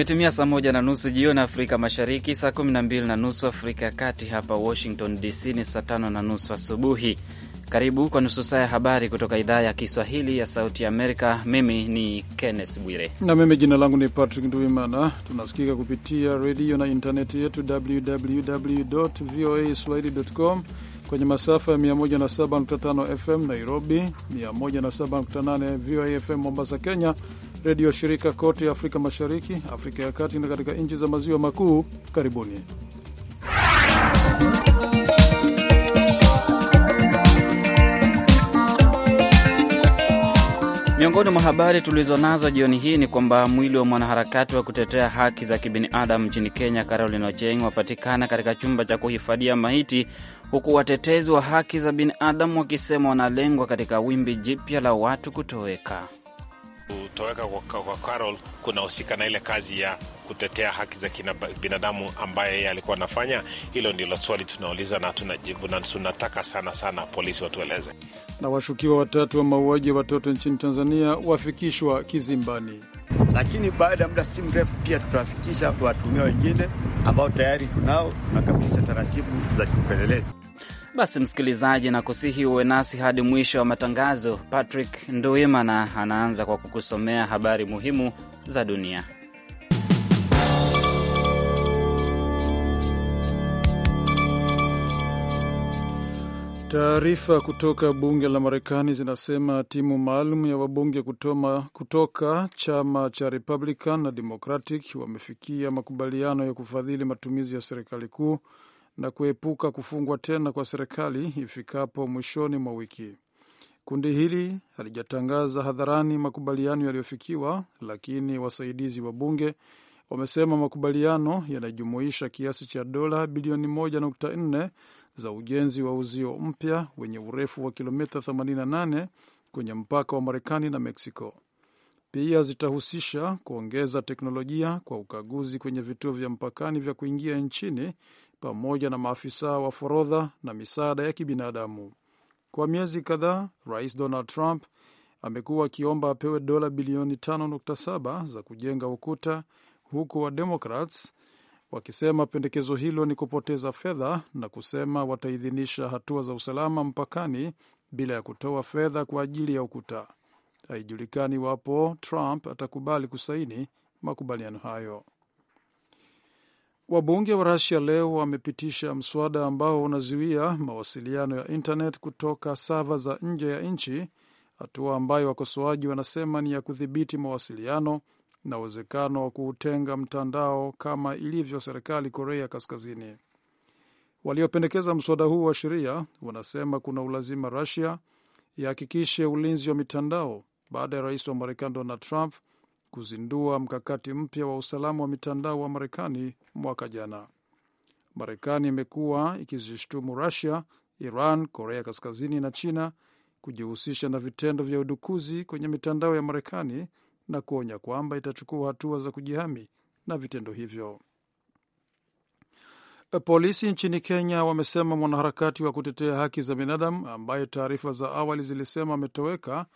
Imetimia saa moja na nusu jioni Afrika Mashariki, saa kumi na mbili na nusu Afrika ya Kati. Hapa Washington DC ni saa tano na nusu asubuhi. Karibu kwa nusu saa ya habari kutoka idhaa ya Kiswahili ya Sauti ya Amerika. Mimi ni Kenneth Bwire na mimi jina langu ni Patrick Nduimana. Tunasikika kupitia redio na intaneti yetu www voa swahili.com kwenye masafa ya 107.5 FM Nairobi, 107.8 VOA FM Mombasa, Kenya, redio shirika kote Afrika Mashariki, Afrika ya Kati na katika nchi za maziwa makuu. Karibuni. Miongoni mwa habari tulizonazo jioni hii ni kwamba mwili wa mwanaharakati wa kutetea haki za kibinadamu nchini Kenya, Caroline Ocheng, wapatikana katika chumba cha kuhifadhia maiti, huku watetezi wa haki za binadamu wakisema wanalengwa katika wimbi jipya la watu kutoweka kutoweka kwa, kwa Carol kunahusika na ile kazi ya kutetea haki za binadamu ambaye yeye alikuwa anafanya. Hilo ndilo swali tunauliza na tunajibu, na tunataka sana sana polisi watueleze. Na washukiwa watatu wa mauaji ya watoto nchini Tanzania wafikishwa kizimbani, lakini baada ya muda si mrefu pia tutawafikisha watumia wengine ambao tayari tunao, tunakamilisha taratibu za kiupelelezi. Basi msikilizaji, na kusihi uwe nasi hadi mwisho wa matangazo. Patrick Nduimana anaanza kwa kukusomea habari muhimu za dunia. Taarifa kutoka bunge la Marekani zinasema timu maalum ya wabunge kutoma, kutoka chama cha Republican na Democratic wamefikia makubaliano ya kufadhili matumizi ya serikali kuu na kuepuka kufungwa tena kwa serikali ifikapo mwishoni mwa wiki. Kundi hili halijatangaza hadharani makubaliano yaliyofikiwa, lakini wasaidizi wa bunge wamesema makubaliano yanajumuisha kiasi cha dola bilioni 1.4 za ujenzi wa uzio mpya wenye urefu wa kilomita 88 kwenye mpaka wa Marekani na Meksiko. Pia zitahusisha kuongeza teknolojia kwa ukaguzi kwenye vituo vya mpakani vya kuingia nchini pamoja na maafisa wa forodha na misaada ya kibinadamu. Kwa miezi kadhaa, Rais Donald Trump amekuwa akiomba apewe dola bilioni 5.7 za kujenga ukuta, huku Wademokrats wakisema pendekezo hilo ni kupoteza fedha na kusema wataidhinisha hatua za usalama mpakani bila ya kutoa fedha kwa ajili ya ukuta. Haijulikani iwapo Trump atakubali kusaini makubaliano hayo. Wabunge wa Rasia leo wamepitisha mswada ambao unazuia mawasiliano ya internet kutoka sava za nje ya nchi, hatua ambayo wakosoaji wanasema ni ya kudhibiti mawasiliano na uwezekano wa kuutenga mtandao kama ilivyo serikali Korea Kaskazini. Waliopendekeza mswada huu wa sheria wanasema kuna ulazima Rasia ihakikishe ulinzi wa mitandao baada ya rais wa Marekani Donald Trump kuzindua mkakati mpya wa usalama wa mitandao wa Marekani mwaka jana. Marekani imekuwa ikizishtumu Rusia, Iran, Korea Kaskazini na China kujihusisha na vitendo vya udukuzi kwenye mitandao ya Marekani na kuonya kwamba itachukua hatua za kujihami na vitendo hivyo. Polisi nchini Kenya wamesema mwanaharakati wa kutetea haki za binadamu ambaye taarifa za awali zilisema ametoweka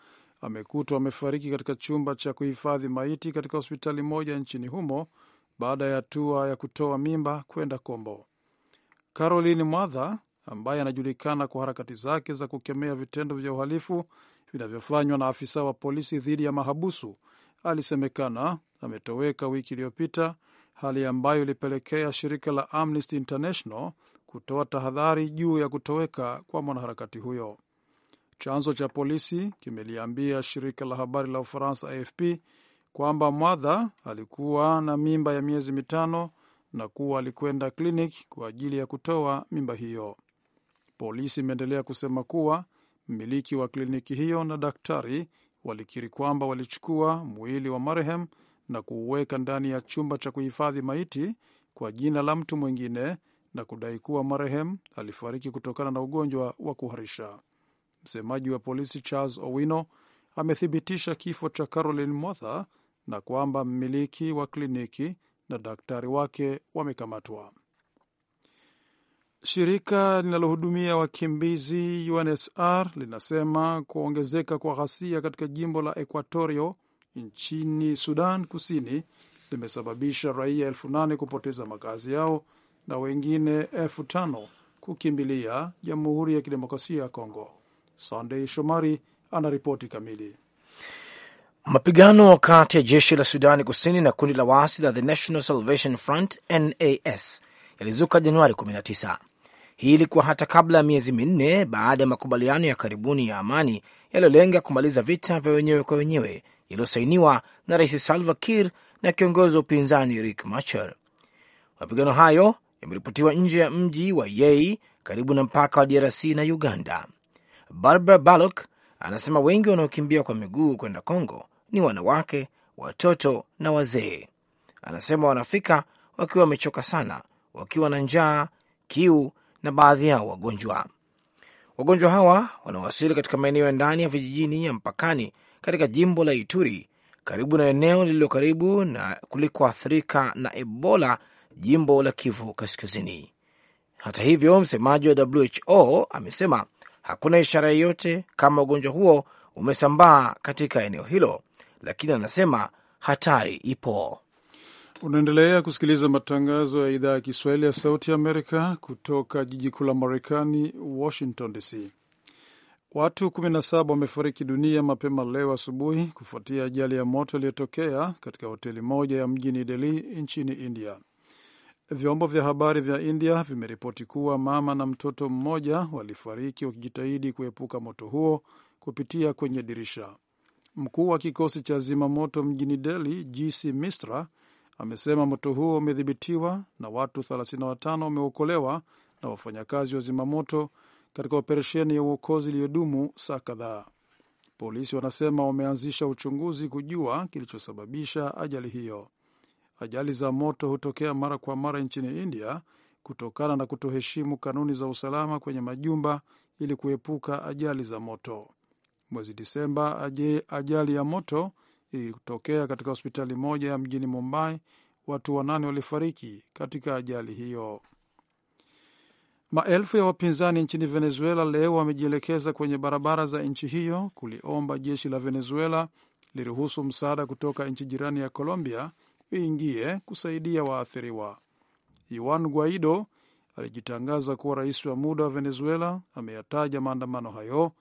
amekutwa amefariki katika chumba cha kuhifadhi maiti katika hospitali moja nchini humo baada ya hatua ya kutoa mimba kwenda kombo. Caroline Mwadha ambaye anajulikana kwa harakati zake za kukemea vitendo vya uhalifu vinavyofanywa na afisa wa polisi dhidi ya mahabusu alisemekana ametoweka wiki iliyopita, hali ambayo ilipelekea shirika la Amnesty International kutoa tahadhari juu ya kutoweka kwa mwanaharakati huyo. Chanzo cha polisi kimeliambia shirika la habari la Ufaransa AFP kwamba Mwadha alikuwa na mimba ya miezi mitano na kuwa alikwenda klinik kwa ajili ya kutoa mimba hiyo. Polisi imeendelea kusema kuwa mmiliki wa kliniki hiyo na daktari walikiri kwamba walichukua mwili wa marehemu na kuuweka ndani ya chumba cha kuhifadhi maiti kwa jina la mtu mwingine na kudai kuwa marehemu alifariki kutokana na ugonjwa wa kuharisha. Msemaji wa polisi Charles Owino amethibitisha kifo cha Carolin Motha na kwamba mmiliki wa kliniki na daktari wake wamekamatwa. Shirika linalohudumia wakimbizi UNHCR linasema kuongezeka kwa ghasia katika jimbo la Equatorio nchini Sudan Kusini limesababisha raia elfu nane kupoteza makazi yao na wengine elfu tano kukimbilia Jamhuri ya Kidemokrasia ya Kongo. Sandei Shomari anaripoti kamili. Mapigano kati ya jeshi la Sudani Kusini na kundi la waasi la The National Salvation Front NAS yalizuka Januari 19. Hii ilikuwa hata kabla ya miezi minne baada ya makubaliano ya karibuni ya amani yaliyolenga kumaliza vita vya wenyewe kwa wenyewe yaliyosainiwa na Rais Salva Kiir na kiongozi wa upinzani Riek Machar. Mapigano hayo yameripotiwa nje ya mji wa Yei karibu na mpaka wa DRC na Uganda. Barbara Balok anasema wengi wanaokimbia kwa miguu kwenda congo ni wanawake, watoto na wazee. Anasema wanafika wakiwa wamechoka sana, wakiwa na njaa, kiu na baadhi yao wagonjwa. Wagonjwa hawa wanawasili katika maeneo ya ndani ya vijijini ya mpakani katika jimbo la Ituri, karibu na eneo lililo karibu na kulikoathirika na Ebola, jimbo la Kivu Kaskazini. Hata hivyo, msemaji wa WHO amesema Hakuna ishara yoyote kama ugonjwa huo umesambaa katika eneo hilo, lakini anasema hatari ipo. Unaendelea kusikiliza matangazo ya idhaa ya Kiswahili ya Sauti Amerika kutoka jiji kuu la Marekani, Washington DC. Watu 17 wamefariki dunia mapema leo asubuhi kufuatia ajali ya moto iliyotokea katika hoteli moja ya mjini Delhi nchini India. Vyombo vya habari vya India vimeripoti kuwa mama na mtoto mmoja walifariki wakijitahidi kuepuka moto huo kupitia kwenye dirisha. Mkuu wa kikosi cha zimamoto mjini Delhi, GC Misra, amesema moto huo umedhibitiwa na watu 35 wameokolewa na wafanyakazi wa zimamoto katika operesheni ya uokozi iliyodumu saa kadhaa. Polisi wanasema wameanzisha uchunguzi kujua kilichosababisha ajali hiyo. Ajali za moto hutokea mara kwa mara nchini India kutokana na kutoheshimu kanuni za usalama kwenye majumba ili kuepuka ajali za moto. Mwezi Disemba, ajali ya moto ilitokea katika hospitali moja ya mjini Mumbai. Watu wanane walifariki katika ajali hiyo. Maelfu ya wapinzani nchini Venezuela leo wamejielekeza kwenye barabara za nchi hiyo kuliomba jeshi la Venezuela liruhusu msaada kutoka nchi jirani ya Colombia iingie kusaidia waathiriwa. Juan Guaido alijitangaza kuwa rais wa muda wa Venezuela ameyataja maandamano hayo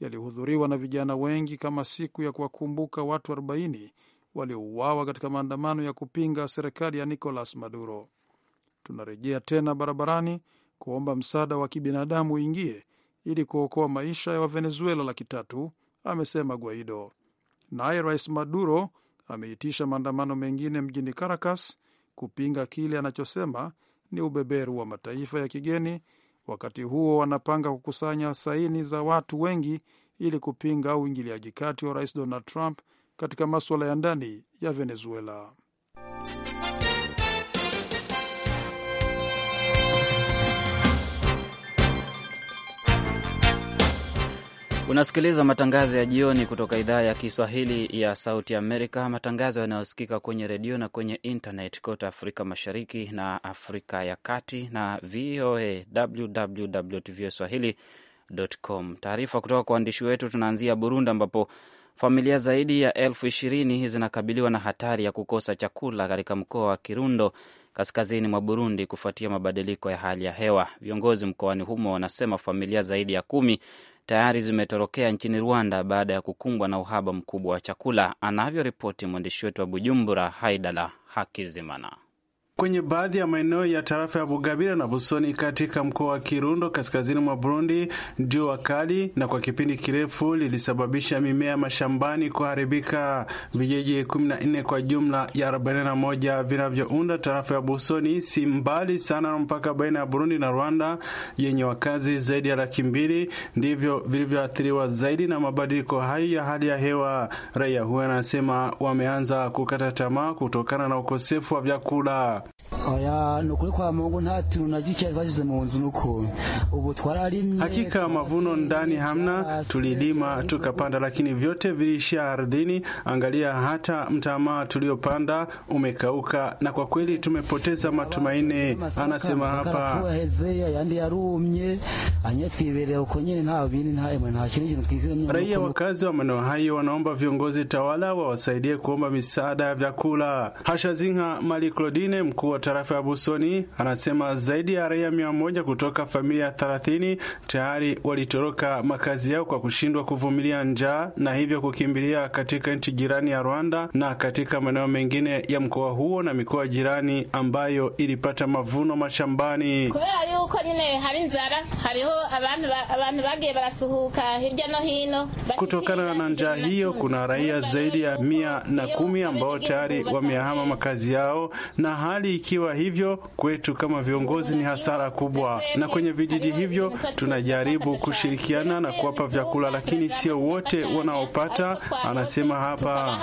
yaliyohudhuriwa na vijana wengi kama siku ya kuwakumbuka watu 40 waliouawa katika maandamano ya kupinga serikali ya Nicolas Maduro. Tunarejea tena barabarani kuomba msaada wa kibinadamu uingie ili kuokoa maisha ya Wavenezuela laki tatu, amesema Guaido. Naye rais Maduro ameitisha maandamano mengine mjini Caracas kupinga kile anachosema ni ubeberu wa mataifa ya kigeni. Wakati huo wanapanga kukusanya saini za watu wengi ili kupinga uingiliaji kati wa rais Donald Trump katika masuala ya ndani ya Venezuela. Unasikiliza matangazo ya jioni kutoka idhaa ya Kiswahili ya Sauti Amerika, matangazo yanayosikika kwenye redio na kwenye internet kote Afrika Mashariki na Afrika ya Kati na VOA www.voaswahili.com. Taarifa kutoka kwa waandishi wetu, tunaanzia Burundi ambapo familia zaidi ya elfu ishirini zinakabiliwa na hatari ya kukosa chakula katika mkoa wa Kirundo kaskazini mwa Burundi kufuatia mabadiliko ya hali ya hewa. Viongozi mkoani humo wanasema familia zaidi ya kumi tayari zimetorokea nchini Rwanda baada ya kukumbwa na uhaba mkubwa wa chakula, anavyoripoti mwandishi wetu wa Bujumbura, Haidala Hakizimana kwenye baadhi ya maeneo ya tarafa ya Bugabira na Busoni katika mkoa wa Kirundo kaskazini mwa Burundi. Jua kali na kwa kipindi kirefu lilisababisha mimea mashambani kuharibika. Vijiji 14 kwa jumla ya 41 vinavyounda tarafa ya Busoni si mbali sana na mpaka baina ya Burundi na Rwanda yenye wakazi zaidi ya laki mbili ndivyo vilivyoathiriwa zaidi na mabadiliko hayo ya hali ya hewa. Raia huyo anasema wameanza kukata tamaa kutokana na ukosefu wa vyakula mwaka hakika mavuno ndani hamna, tulidima tukapanda, lakini vyote vilishia ardhini. Angalia, hata mtamaa tuliopanda umekauka, na kwa kweli tumepoteza matumaini, anasema hapa. Raia wakazi wa maeneo hayo wanaomba viongozi tawala wawasaidie kuomba misaada ya vyakula. Hashazinka Mali Claudine mkuu wa tarafa ya Busoni anasema zaidi ya raia mia moja kutoka familia thelathini tayari walitoroka makazi yao kwa kushindwa kuvumilia njaa na hivyo kukimbilia katika nchi jirani ya Rwanda na katika maeneo mengine ya mkoa huo na mikoa jirani ambayo ilipata mavuno mashambani. kubera yuko nyine hari hariho abantu bagiye barasuhuka hirya no hino. Kutokana na njaa hiyo, kuna raia zaidi ya mia na kumi ambao tayari wamehama makazi yao na hali hali ikiwa hivyo, kwetu kama viongozi ni hasara kubwa, na kwenye vijiji hivyo tunajaribu kushirikiana na kuwapa vyakula, lakini sio wote wanaopata, anasema hapa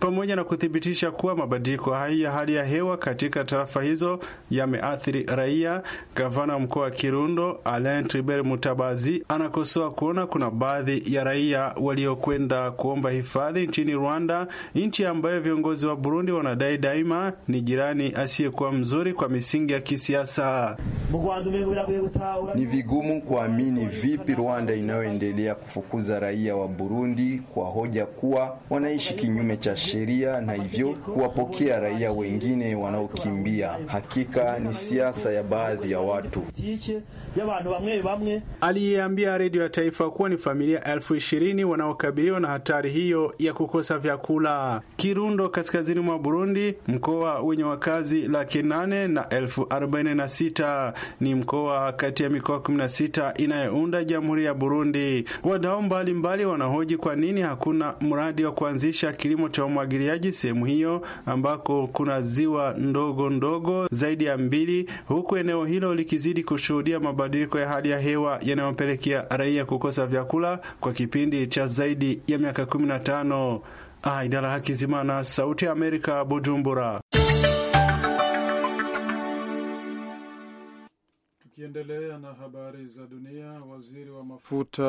pamoja na kuthibitisha kuwa mabadiliko hayo ya hali ya hewa katika tarafa hizo yameathiri raia, gavana wa mkoa wa Kirundo Alain triber Mutabazi anakosoa kuona kuna baadhi ya raia waliokwenda kuomba hifadhi nchini Rwanda, nchi ambayo viongozi wa Burundi wana baadaye daima ni jirani asiyekuwa mzuri kwa misingi ya kisiasa. Ni vigumu kuamini vipi Rwanda inayoendelea kufukuza raia wa Burundi kwa hoja kuwa wanaishi kinyume cha sheria na hivyo kuwapokea raia wengine wanaokimbia. Hakika ni siasa ya baadhi ya watu. Aliyeambia redio ya taifa kuwa ni familia elfu ishirini wanaokabiliwa na hatari hiyo ya kukosa vyakula Kirundo, kaskazini mwa Burundi. Burundi, mkoa wenye wakazi laki nane na elfu arobaini na sita ni mkoa kati ya mikoa sita inayounda jamhuri ya Burundi. Wadau mbalimbali wanahoji kwa nini hakuna mradi wa kuanzisha kilimo cha umwagiliaji sehemu hiyo ambako kuna ziwa ndogo ndogo zaidi ya mbili, huku eneo hilo likizidi kushuhudia mabadiliko ya hali ya hewa yanayopelekea raia kukosa vyakula kwa kipindi cha zaidi ya miaka tano Aidara ah, Hakizimana, Sauti ya Amerika, Bujumbura. Tukiendelea na habari za dunia, waziri wa mafuta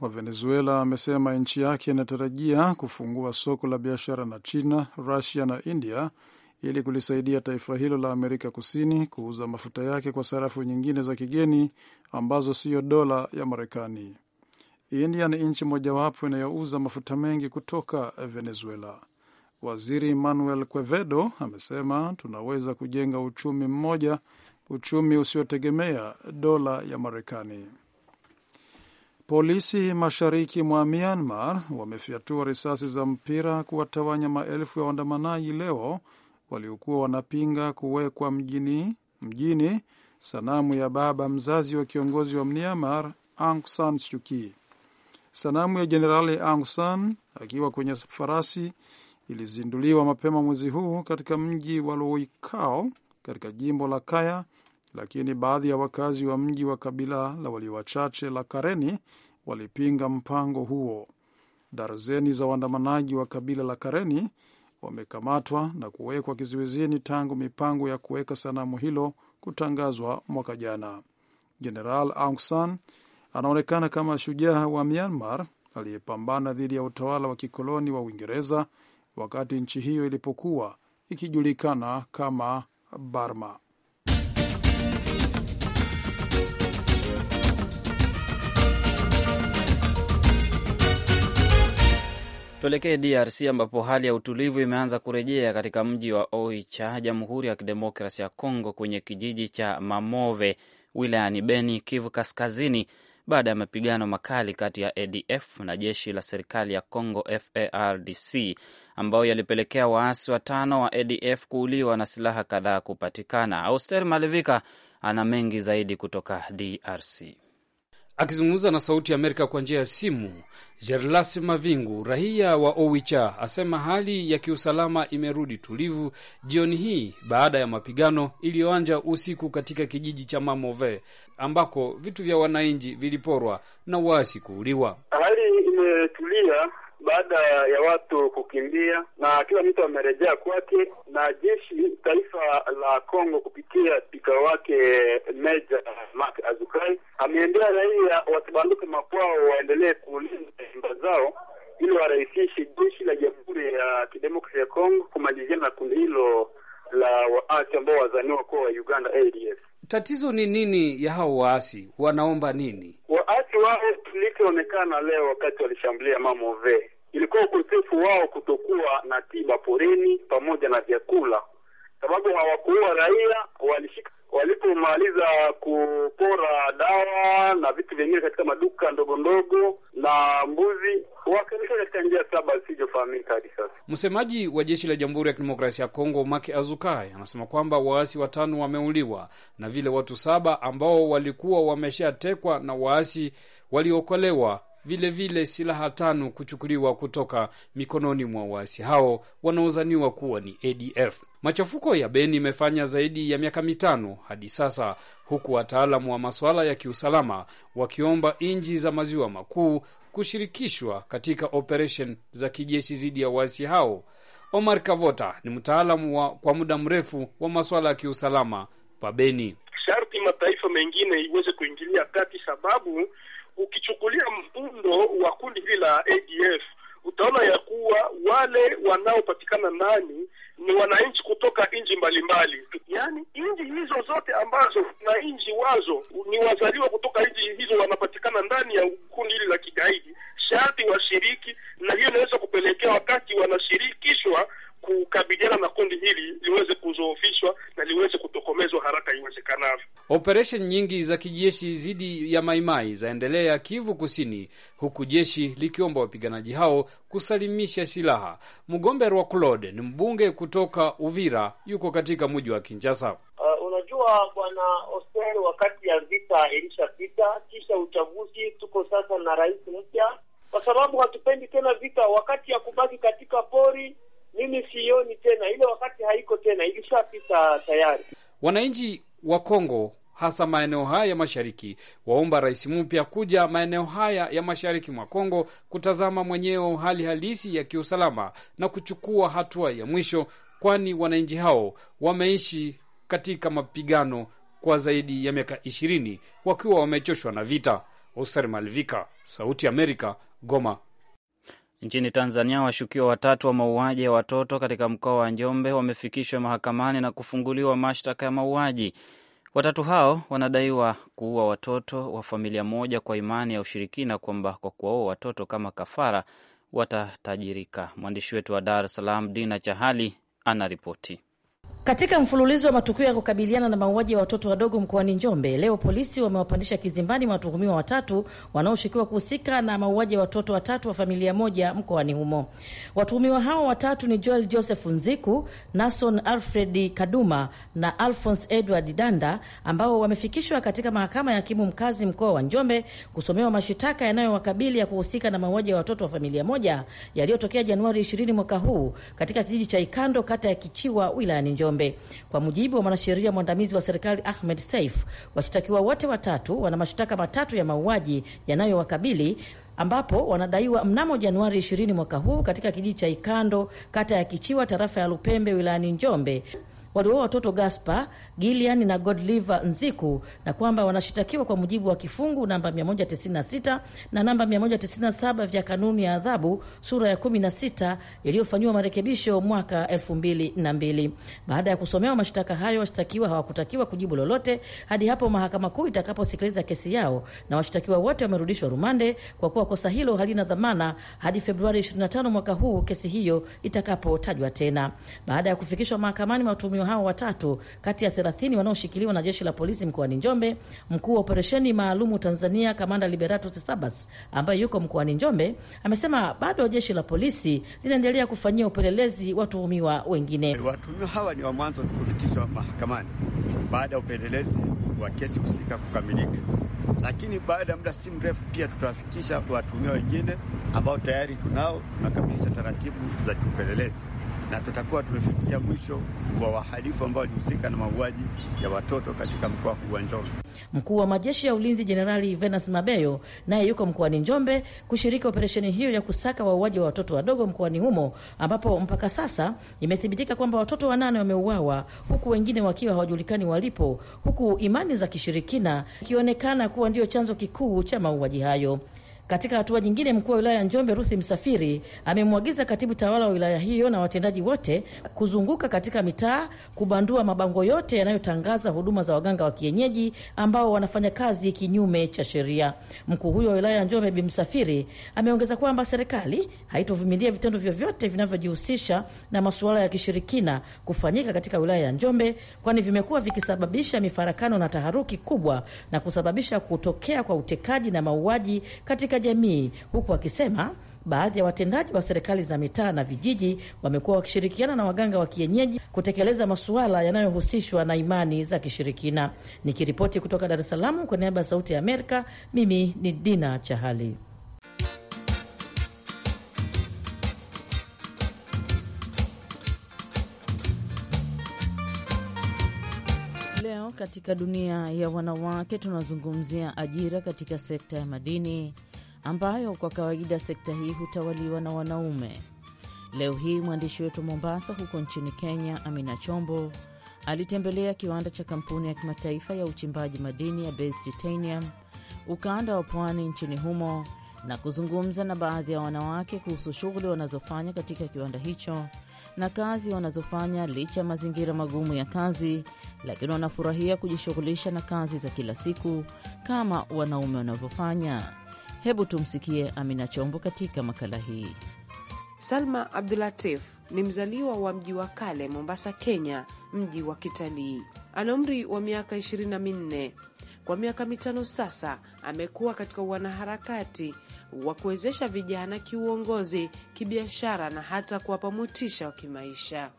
wa Venezuela amesema nchi yake inatarajia kufungua soko la biashara na China, Rusia na India ili kulisaidia taifa hilo la Amerika Kusini kuuza mafuta yake kwa sarafu nyingine za kigeni ambazo siyo dola ya Marekani. India ni nchi mojawapo inayouza mafuta mengi kutoka Venezuela. Waziri Manuel Quevedo amesema tunaweza kujenga uchumi mmoja, uchumi usiotegemea dola ya Marekani. Polisi mashariki mwa Myanmar wamefyatua risasi za mpira kuwatawanya maelfu ya waandamanaji leo waliokuwa wanapinga kuwekwa mjini, mjini sanamu ya baba mzazi wa kiongozi wa Myanmar Aung San Suu Kyi. Sanamu ya Jenerali Aung San akiwa kwenye farasi ilizinduliwa mapema mwezi huu katika mji wa Loikao katika jimbo la Kaya, lakini baadhi ya wakazi wa mji wa kabila la walio wachache la Kareni walipinga mpango huo. Darzeni za waandamanaji wa kabila la Kareni wamekamatwa na kuwekwa kizuizini tangu mipango ya kuweka sanamu hilo kutangazwa mwaka jana. Jeneral Aung San anaonekana kama shujaa wa Myanmar aliyepambana dhidi ya utawala wa kikoloni wa Uingereza wakati nchi hiyo ilipokuwa ikijulikana kama Burma. Tuelekee DRC ambapo hali ya utulivu imeanza kurejea katika mji wa Oicha, Jamhuri ya Kidemokrasia ya Kongo, kwenye kijiji cha Mamove wilayani Beni, Kivu Kaskazini, baada ya mapigano makali kati ya ADF na jeshi la serikali ya Congo FARDC ambayo yalipelekea waasi watano wa ADF kuuliwa na silaha kadhaa kupatikana. Auster Malivika ana mengi zaidi kutoka DRC. Akizungumza na Sauti ya Amerika kwa njia ya simu, Jerlas Mavingu, raia wa Owicha, asema hali ya kiusalama imerudi tulivu jioni hii baada ya mapigano iliyoanja usiku katika kijiji cha Mamove ambako vitu vya wananchi viliporwa na waasi kuuliwa. Hali imetulia baada ya watu kukimbia na kila mtu amerejea kwake, na jeshi taifa la Kongo kupitia spika wake Meja Mak Azukai ameendea raia wasibanduke makwao, waendelee kulinda nyumba zao ili warahisishe jeshi la Jamhuri ya Kidemokrasia ya Kongo kumalizia na kundi hilo la waasi ambao wazaniwa kuwa wa Uganda ADF. Tatizo ni nini ya hao waasi? Wanaomba nini waasi wao? tulikionekana leo wakati walishambulia Mamove ilikuwa ukosefu wao kutokuwa na tiba porini pamoja na vyakula, sababu hawakuua raia walishika walipomaliza kupora dawa na vitu vyengine katika maduka ndogo ndogo na mbuzi wakarusha katika njia saba zisizofahamika hadi sasa. Msemaji wa jeshi la Jamhuri ya Kidemokrasia ya Kongo Make Azukai anasema kwamba waasi watano wameuliwa na vile watu saba ambao walikuwa wameshatekwa na waasi waliokolewa vilevile vile silaha tano kuchukuliwa kutoka mikononi mwa waasi hao wanaozaniwa kuwa ni ADF. Machafuko ya Beni imefanya zaidi ya miaka mitano hadi sasa, huku wataalamu wa masuala ya kiusalama wakiomba nchi za maziwa makuu kushirikishwa katika operesheni za kijeshi dhidi ya waasi hao. Omar Kavota ni mtaalamu wa kwa muda mrefu wa masuala ya kiusalama pa Beni. Sharti mataifa mengine iweze kuingilia kati, sababu ukichukulia mfundo wa kundi hili la ADF utaona ya kuwa wale wanaopatikana ndani ni wananchi kutoka nchi mbalimbali, yaani nchi hizo zote ambazo na nchi wazo ni wazaliwa kutoka nchi hizo, wanapatikana ndani ya kundi hili la kigaidi, sharti washiriki, na hiyo inaweza kupelekea wakati wanashirikishwa kukabiliana na kundi hili liweze kuzoofishwa na liweze kutokomezwa haraka iwezekanavyo. Operesheni nyingi za kijeshi dhidi ya maimai zaendelea Kivu Kusini, huku jeshi likiomba wapiganaji hao kusalimisha silaha. Mgombe wa Claude ni mbunge kutoka Uvira, yuko katika mji wa Kinshasa. Uh, unajua bwana Oster, wakati ya vita ilishapita, kisha uchaguzi, tuko sasa na rais mpya, kwa sababu hatupendi tena vita, wakati ya kubaki katika pori mimi sioni tena, ile wakati haiko tena, ilishapita tayari. Wananchi wa Kongo hasa maeneo haya ya mashariki waomba rais mpya kuja maeneo haya ya mashariki mwa Kongo kutazama mwenyeo hali halisi ya kiusalama na kuchukua hatua ya mwisho, kwani wananchi hao wameishi katika mapigano kwa zaidi ya miaka ishirini wakiwa wamechoshwa na vita. Oser Malvika, Sauti Amerika, Goma. Nchini Tanzania, washukiwa watatu wa mauaji ya watoto katika mkoa wa Njombe wamefikishwa mahakamani na kufunguliwa mashtaka ya mauaji. Watatu hao wanadaiwa kuua watoto wa familia moja kwa imani ya ushirikina, kwamba kwa kuwaua watoto kama kafara watatajirika. Mwandishi wetu wa Dar es Salaam, Dina Chahali, anaripoti. Katika mfululizo wa matukio ya kukabiliana na mauaji ya watoto wadogo mkoani Njombe, leo polisi wamewapandisha kizimbani watuhumiwa watatu wanaoshukiwa kuhusika na mauaji ya watoto watatu wa familia moja mkoani humo. Watuhumiwa hao watatu ni Joel Joseph Nziku, Nason Alfred Kaduma na Alphonse Edward Danda, ambao wamefikishwa katika mahakama ya hakimu mkazi mkoa wa Njombe kusomewa mashitaka yanayowakabili ya kuhusika na mauaji ya watoto wa familia moja yaliyotokea Januari 20 mwaka huu katika kijiji cha Ikando, kata ya Kichiwa, wilayani Njombe. Njombe. Kwa mujibu wa mwanasheria mwandamizi wa serikali Ahmed Saif, washtakiwa wote watatu wana mashtaka matatu ya mauaji yanayowakabili ambapo wanadaiwa mnamo Januari 20 mwaka huu katika kijiji cha Ikando, kata ya Kichiwa, tarafa ya Lupembe, wilayani Njombe walioua watoto Gaspar Gilian na Godliver Nziku na kwamba wanashitakiwa kwa mujibu wa kifungu namba 196 na namba 197 vya kanuni ya adhabu sura ya 16 iliyofanyiwa marekebisho mwaka 2002. Baada ya kusomewa mashtaka hayo, washtakiwa hawakutakiwa kujibu lolote hadi hapo mahakama kuu itakaposikiliza kesi yao, na washtakiwa wote wamerudishwa rumande kwa kuwa kosa hilo halina dhamana hadi Februari 25 mwaka huu kesi hiyo itakapotajwa tena. Baada ya kufikishwa mahakamani, watuhumiwa watuhumiwa hao watatu kati ya 30 wanaoshikiliwa na jeshi la polisi mkoani Njombe, mkuu wa operesheni maalumu Tanzania Kamanda Liberatus Sabas ambaye yuko mkoani Njombe amesema bado jeshi la polisi linaendelea kufanyia upelelezi watuhumiwa wengine. Watuhumiwa hawa ni wa mwanzo kufikishwa mahakamani baada ya upelelezi wa kesi husika kukamilika, lakini baada ya muda si mrefu pia tutawafikisha watuhumiwa wengine ambao tayari tunao, tunakamilisha taratibu za kiupelelezi na tutakuwa tumefikia mwisho wa wahalifu ambao walihusika na mauaji ya watoto katika mkoa huu wa Njombe. Mkuu wa majeshi ya ulinzi Jenerali Venance Mabeyo naye yuko mkoani Njombe kushiriki operesheni hiyo ya kusaka wauaji wa watoto wadogo mkoani humo, ambapo mpaka sasa imethibitika kwamba watoto wanane wameuawa, huku wengine wakiwa hawajulikani walipo, huku imani za kishirikina ikionekana kuwa ndio chanzo kikuu cha mauaji hayo. Katika hatua nyingine, mkuu wa wilaya ya Njombe Ruthi Msafiri amemwagiza katibu tawala wa wilaya hiyo na watendaji wote kuzunguka katika mitaa kubandua mabango yote yanayotangaza huduma za waganga wa kienyeji ambao wanafanya kazi kinyume cha sheria. Mkuu huyo wa wilaya ya Njombe Bi Msafiri ameongeza kwamba serikali haitovumilia vitendo vyovyote vinavyojihusisha na masuala ya kishirikina kufanyika katika wilaya ya Njombe, kwani vimekuwa vikisababisha mifarakano na taharuki kubwa na kusababisha kutokea kwa utekaji na mauaji katika katika jamii, huku wakisema baadhi ya watendaji wa serikali za mitaa na vijiji wamekuwa wakishirikiana na waganga wa kienyeji kutekeleza masuala yanayohusishwa na imani za kishirikina. Nikiripoti kutoka Dar es Salaam kwa niaba ya Sauti ya Amerika, mimi ni Dina Chahali. Leo katika dunia ya wanawake tunazungumzia ajira katika sekta ya madini ambayo kwa kawaida sekta hii hutawaliwa na wanaume. Leo hii mwandishi wetu Mombasa, huko nchini Kenya, Amina Chombo alitembelea kiwanda cha kampuni ya kimataifa ya uchimbaji madini ya Base Titanium ukanda wa pwani nchini humo na kuzungumza na baadhi ya wanawake kuhusu shughuli wanazofanya katika kiwanda hicho na kazi wanazofanya. Licha ya mazingira magumu ya kazi, lakini wanafurahia kujishughulisha na kazi za kila siku kama wanaume wanavyofanya. Hebu tumsikie Amina Chombo katika makala hii. Salma Abdulatif ni mzaliwa wa mji wa kale Mombasa, Kenya, mji wa kitalii. Ana umri wa miaka ishirini na minne. Kwa miaka mitano sasa amekuwa katika wanaharakati wa kuwezesha vijana kiuongozi, kibiashara na hata kuwapa motisha wa kimaisha.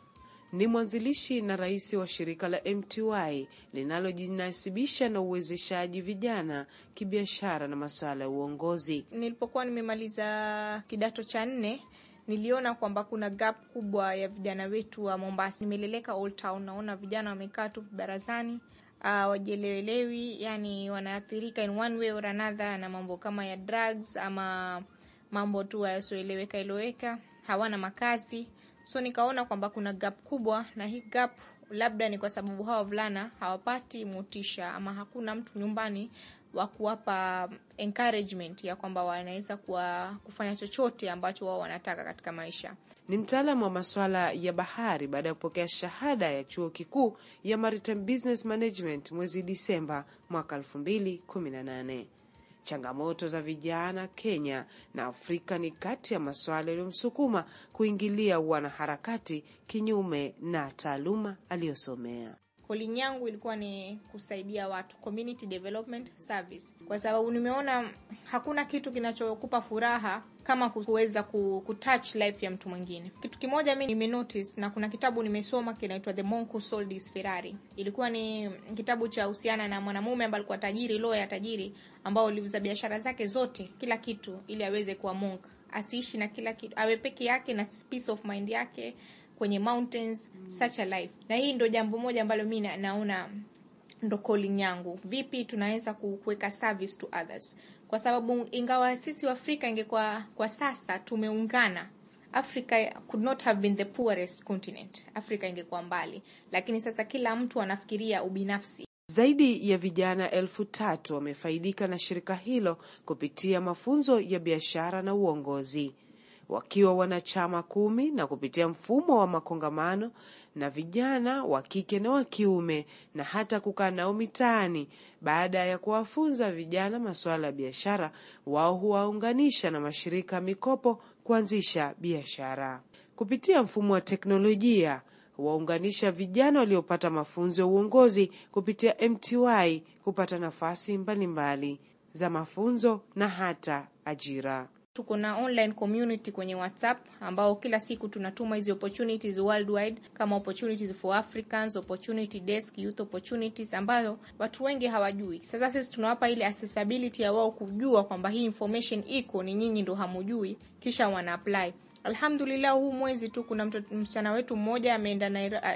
Ni mwanzilishi na rais wa shirika la MTY linalojinasibisha na uwezeshaji vijana kibiashara na masuala ya uongozi. Nilipokuwa nimemaliza kidato cha nne niliona kwamba kuna gap kubwa ya vijana wetu wa Mombasa. Nimeleleka Old Town, naona vijana wamekaa tu barazani, uh, ah, wajielewelewi, yani wanaathirika in one way or another na mambo kama ya drugs ama mambo tu yasioeleweka eleweka, hawana makazi So nikaona kwamba kuna gap kubwa, na hii gap labda ni kwa sababu hawa wavulana hawapati motisha ama hakuna mtu nyumbani wa kuwapa encouragement ya kwamba wanaweza kuwa kufanya chochote ambacho wao wanataka katika maisha. Ni mtaalamu wa masuala ya bahari baada ya kupokea shahada ya chuo kikuu ya Maritime Business Management mwezi Disemba mwaka 2018. Changamoto za vijana Kenya na Afrika ni kati ya masuala yaliyomsukuma kuingilia wanaharakati kinyume na taaluma aliyosomea calling yangu ilikuwa ni kusaidia watu, community development service, kwa sababu nimeona hakuna kitu kinachokupa furaha kama kuweza kutouch life ya mtu mwingine. Kitu kimoja mimi notice, na kuna kitabu nimesoma kinaitwa The Monk Who Sold His Ferrari. Ilikuwa ni kitabu cha husiana na mwanamume ambaye alikuwa tajiri, loya ya tajiri, ambao aliuza biashara zake zote, kila kitu, ili aweze kuwa monk, asiishi na kila kitu, awe peke yake na peace of mind yake kwenye mountains mm. such a life. Na hii ndo jambo moja ambalo mi naona ndo calling yangu, vipi tunaweza kuweka service to others, kwa sababu ingawa sisi Waafrika ingekuwa kwa sasa tumeungana Africa could not have been the poorest continent. Africa ingekuwa mbali, lakini sasa kila mtu anafikiria ubinafsi. Zaidi ya vijana elfu tatu wamefaidika na shirika hilo kupitia mafunzo ya biashara na uongozi wakiwa wanachama kumi na kupitia mfumo wa makongamano na vijana wa kike na wa kiume na hata kukaa nao mitaani. Baada ya kuwafunza vijana masuala ya biashara, wao huwaunganisha na mashirika mikopo kuanzisha biashara kupitia mfumo wa teknolojia huwaunganisha vijana waliopata mafunzo ya uongozi kupitia MTY kupata nafasi mbalimbali za mafunzo na hata ajira. Tuko na online community kwenye WhatsApp ambao kila siku tunatuma hizi opportunities worldwide kama opportunities for Africans, opportunity desk, youth opportunities ambayo watu wengi hawajui. Sasa sisi tunawapa ile accessibility ya wao kujua kwamba hii information iko, ni nyinyi ndo hamujui, kisha wana apply. Alhamdulillah, huu mwezi tu kuna msichana wetu mmoja ameenda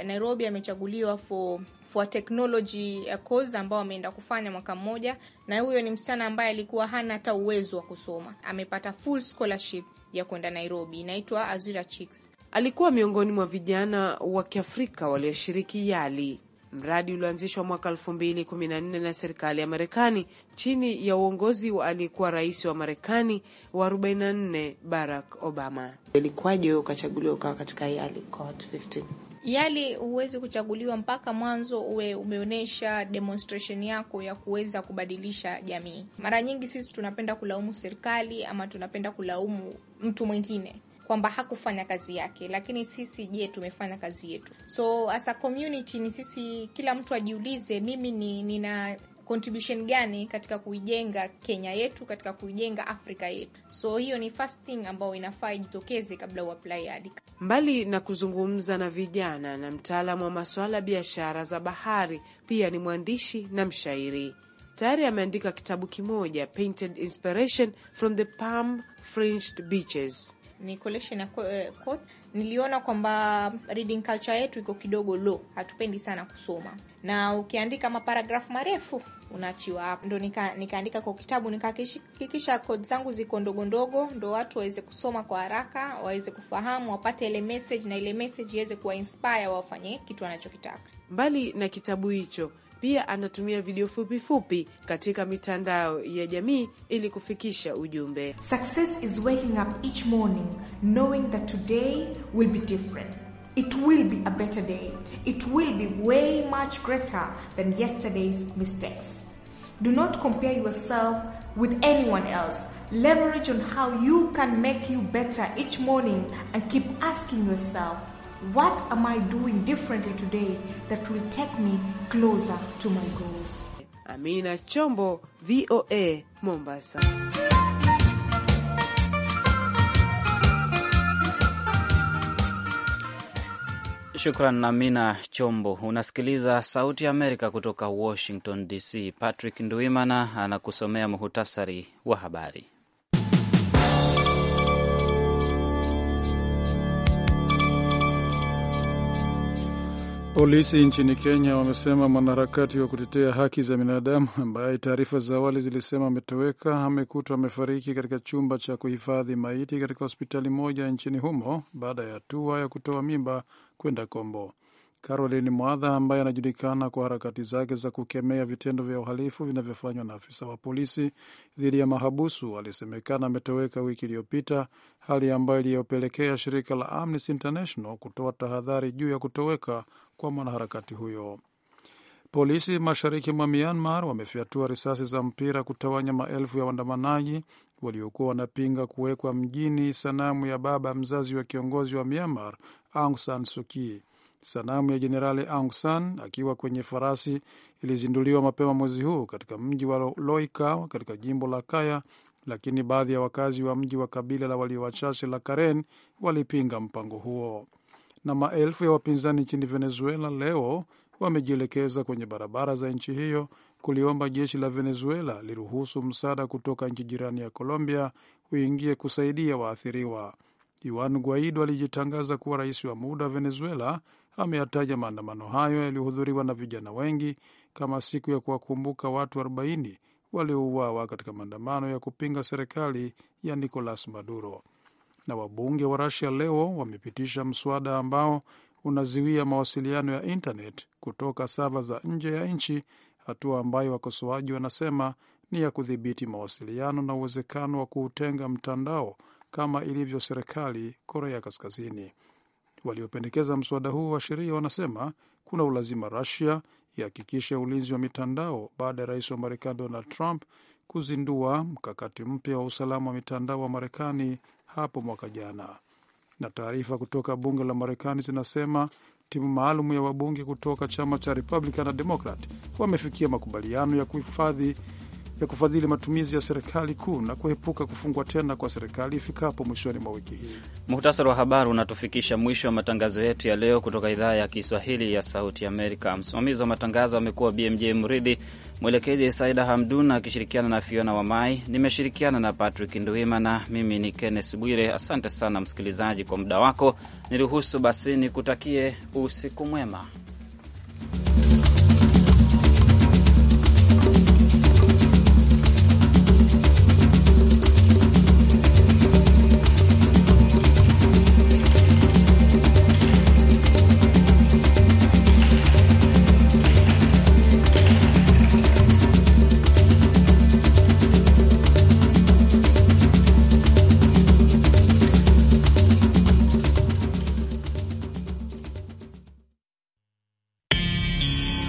Nairobi, amechaguliwa for for technology eh, course ambao ameenda kufanya mwaka mmoja, na huyo ni msichana ambaye alikuwa hana hata uwezo wa kusoma, amepata full scholarship ya kwenda Nairobi, inaitwa Azura Chicks. Alikuwa miongoni mwa vijana wa Kiafrika walioshiriki YALI, mradi ulioanzishwa mwaka 2014 na serikali ya Marekani chini ya uongozi wa aliyekuwa rais wa Marekani wa 44 Barack Obama. Ilikuwaje ukachaguliwa ukawa katika YALI kwa 15? yale huwezi kuchaguliwa mpaka mwanzo uwe umeonyesha demonstration yako ya kuweza kubadilisha jamii. Mara nyingi sisi tunapenda kulaumu serikali ama tunapenda kulaumu mtu mwingine kwamba hakufanya kazi yake, lakini sisi je, tumefanya kazi yetu? So as a community, ni sisi, kila mtu ajiulize, mimi ni, nina contribution gani katika kuijenga Kenya yetu, katika kuijenga Afrika yetu. So hiyo ni first thing ambayo inafaa ijitokeze kabla uapply ad. Mbali na kuzungumza na vijana na mtaalamu wa masuala ya biashara za bahari, pia ni mwandishi na mshairi. Tayari ameandika kitabu kimoja Painted Inspiration from the Palm Fringed Beaches, ni collection ya eh, quotes niliona kwamba reading culture yetu iko kidogo low, hatupendi sana kusoma, na ukiandika maparagrafu marefu unaachiwa hapo. Ndo nika, nikaandika kwa kitabu nikahakikisha kodi zangu ziko ndogo ndogo, ndo watu waweze kusoma kwa haraka, waweze kufahamu, wapate ile message, na ile message iweze kuwa inspire wafanye kitu wanachokitaka. Mbali na kitabu hicho pia anatumia video fupi fupi katika mitandao ya jamii ili kufikisha ujumbe. Success is waking up each morning knowing that today will be different. It will be a better day. It will be way much greater than yesterday's mistakes. Do not compare yourself with anyone else. Leverage on how you can make you better each morning and keep asking yourself What am I doing differently today that will take me closer to my goals? Amina Chombo, VOA, Mombasa. Shukran Amina Chombo. Unasikiliza Sauti ya Amerika kutoka Washington DC. Patrick nduimana anakusomea muhutasari wa habari. Polisi nchini Kenya wamesema mwanaharakati wa kutetea haki za binadamu ambaye taarifa za awali zilisema ametoweka amekutwa amefariki katika chumba cha kuhifadhi maiti katika hospitali moja nchini humo baada ya hatua ya kutoa mimba kwenda kombo. Caroline Mwadha ambaye anajulikana kwa harakati zake za kukemea vitendo vya uhalifu vinavyofanywa na afisa wa polisi dhidi ya mahabusu alisemekana ametoweka wiki iliyopita, hali ambayo iliyopelekea shirika la Amnesty International kutoa tahadhari juu ya kutoweka kwa mwanaharakati huyo. Polisi mashariki mwa Myanmar wamefyatua risasi za mpira kutawanya maelfu ya waandamanaji waliokuwa wanapinga kuwekwa mjini sanamu ya baba mzazi wa kiongozi wa Myanmar Aung San Suu Kyi. Sanamu ya Jenerali Aung San akiwa kwenye farasi ilizinduliwa mapema mwezi huu katika mji wa Loika katika jimbo la Kaya, lakini baadhi ya wakazi wa mji wa kabila la walio wachache la Karen walipinga mpango huo na maelfu ya wapinzani nchini Venezuela leo wamejielekeza kwenye barabara za nchi hiyo kuliomba jeshi la Venezuela liruhusu msaada kutoka nchi jirani ya Colombia uingie kusaidia waathiriwa. Juan Guaido alijitangaza kuwa rais wa muda wa Venezuela. Ameyataja maandamano hayo yaliyohudhuriwa na vijana wengi kama siku ya kuwakumbuka watu 40 waliouawa katika maandamano ya kupinga serikali ya Nicolas Maduro na wabunge wa rasia leo wamepitisha mswada ambao unaziwia mawasiliano ya intanet kutoka sava za nje ya nchi, hatua ambayo wakosoaji wanasema ni ya kudhibiti mawasiliano na uwezekano wa kuutenga mtandao kama ilivyo serikali Korea Kaskazini. Waliopendekeza mswada huu wa sheria wanasema kuna ulazima rasia ihakikishe ulinzi wa mitandao baada ya rais wa Marekani Donald Trump kuzindua mkakati mpya wa usalama wa mitandao wa Marekani hapo mwaka jana. Na taarifa kutoka bunge la Marekani zinasema timu maalum ya wabunge kutoka chama cha Republican na Democrat wamefikia makubaliano ya kuhifadhi ya kufadhili matumizi ya serikali kuu na kuepuka kufungwa tena kwa serikali ifikapo mwishoni mwa wiki hii. Muhtasari wa habari unatufikisha mwisho wa matangazo yetu ya leo kutoka idhaa ya Kiswahili ya Sauti Amerika. Msimamizi wa matangazo amekuwa BMJ Mridhi, mwelekezi Saida Hamdun akishirikiana na Fiona Wamai. Nimeshirikiana na Patrick na Mimi ni Kenneth Bwire. Asante sana msikilizaji kwa muda wako. Niruhusu basi nikutakie usiku mwema.